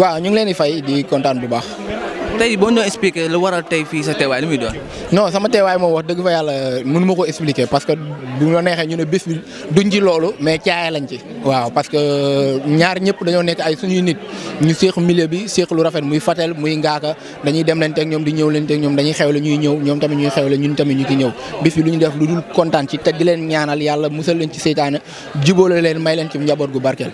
waaw ñu ngi leen di fay di kontaan bu baax. tey boo ñoo expliqué lu waral tey fii sa teewaay lu muy doon. no sama teewaay moom wax dëgg fa yàlla mënu ma ko expliqué parce que bu la neexee ñu ne bés duñ ci loolu mais caaya lañ ci. waaw parce que ñaar ñëpp dañoo nekk ay suñuy nit ñu seexu milieu bi seexu lu rafet muy fatel muy ngaaka dañuy dem leen teeg ñoom di ñëw leen teeg ñoom dañuy xew xewle ñu ñëw ñoom tamit ñuy xewle ñun tamit ñu ki ñëw bés bi lu ñu def lu dul kontaan ci te di leen ñaanal yàlla musal leen ci seytaane jubóole leen may leen ci njaboot gu barkeel.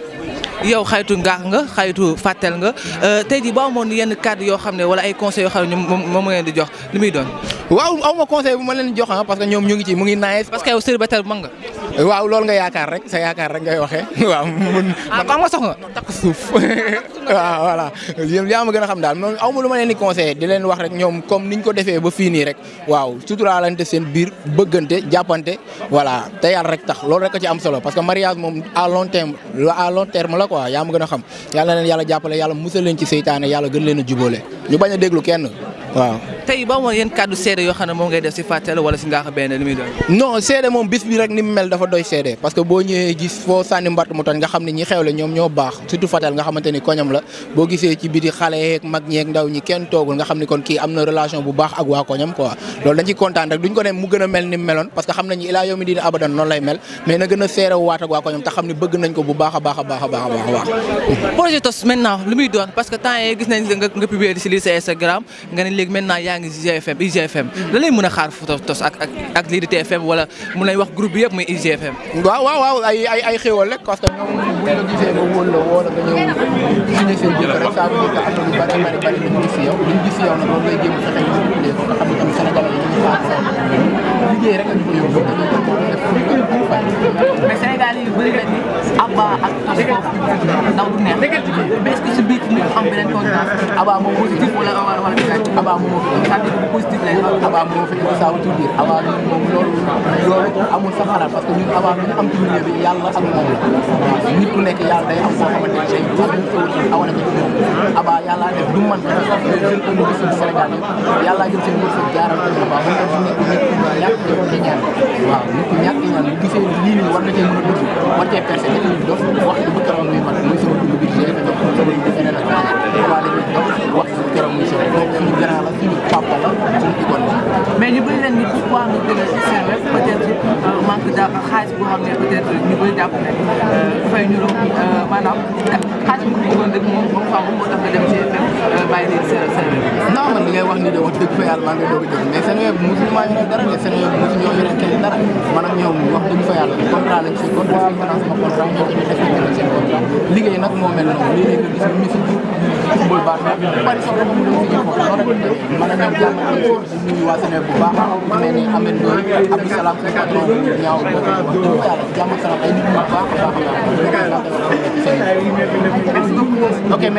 yow xaytu ngaax nga xaytu fàttel nga euh, tey jii boo amoon yenn kàddu yoo xam ne wala ay conseils yoo xam ne moom ngeen di jox li muy doon. waaw aw ma conseil bu ma leen jox ah, parce que ñoom ñu ngi ci mu ngi nice. parce que yow célibataire nga. waaw lool nga yaakaar rek sa yaakaar rek ngay waxee waaw. Ah, man ah xam nga sox nga takk suuf. waaw voilà yéen yaa ma gën a xam daal man ma lu ma leen di conseillé di leen wax rek ñoom comme niñ ko defee ba fii nii rek waaw suturaalante seen biir bëggante jàppante voilà te yàlla rek tax lool rek a ci am solo parce que mariage moom a long terme à long terme la quoi yaa ma gën a xam yàlla na leen yàlla jàppale yàlla musal leen ci seytaane yàlla gën leen a jubóole ñu bañ a lu kenn waaw. tey ba ma yenn kàddu seede yoo xam ne moom ngay def si Fatel wala si Ngaka Blindé lu muy doon parce que temps yi gis nañ nga publier ci sa Instagram nga ne léegi maintenant yaa ngi GFM IGFM lan lay mën a xaar fu tos ak ak ak lii di TFM wala mun nañ wax groupe bi yëpp muy IGFM. waaw waaw waaw ay ay ay xéwal rek parce que ñoom bu ñu la gisee ba wóor la wóor la nga ñëw signé seen jiw rek saa bu nekk am na lu bari bari bari lu ñu si yow lu ñu gis si yow nag moom lay jéem a fexe ñu tuddee ko nga xam ne tamit Sénégal yi ñu faa liggéey rek lañu ko yóbbu dañuy def pour def pour ñu ko fay. mais Sénégal yi bëri na ni Abba ak Tos foofu ndaw du neex mais est-ce que ñu am beneen contenance abaa moom positif wala wala wala abaa moom c'est-à-dire bu positif lay doon abaa moom fekk ko saabu tuuti abaa moom loolu loolu amul sax xalaat parce que ñun abaa ñu am ci milieu bi yàlla ak moom la nit ku nekk yàlla day am koo xamante ne tey am na awale ko ci moom abaa yàlla def du man jël ko ñu gis suñu Sénégal yi yàlla jël seen wërsëg jaaral ko abaa mu nekk nit ku nekk ñàkk ci ñaan waaw nit ku ñàkk ñaan bu gisee lii nii war na cee mën a dugg war cee percé def ñu dof wax xaalis boo xam ne peut être ñu bëri jàpp ne euh, fay ñu doon euh, maanaam xaalis bu bëggoon rek moom moom faaw moo tax nga dem GFM euh, bàyyi leen seen seen non man li ngay wax ni de wax dëgg fa yàlla maa ngi doog a jóg mais seen web mosu maa yore dara mais seen web mosu ñoo yore kenn dara maanaam ñoom wax dëgg fa yàlla contrat lañ si contrat si France ma contrat boo xam ne def nañ seen liggéey nag moo mel noonu liggéey nga gis ñu fi football baax na bari soxla bu ñu fi football noonu man a ñëw jàmm ak nuyu waa bu baax ku mel ni Ahmed Ndoye Abdou Salam sa patron bu ñaaw ko yàlla jàmm ak salaam ay nit ñu baax a baax a baax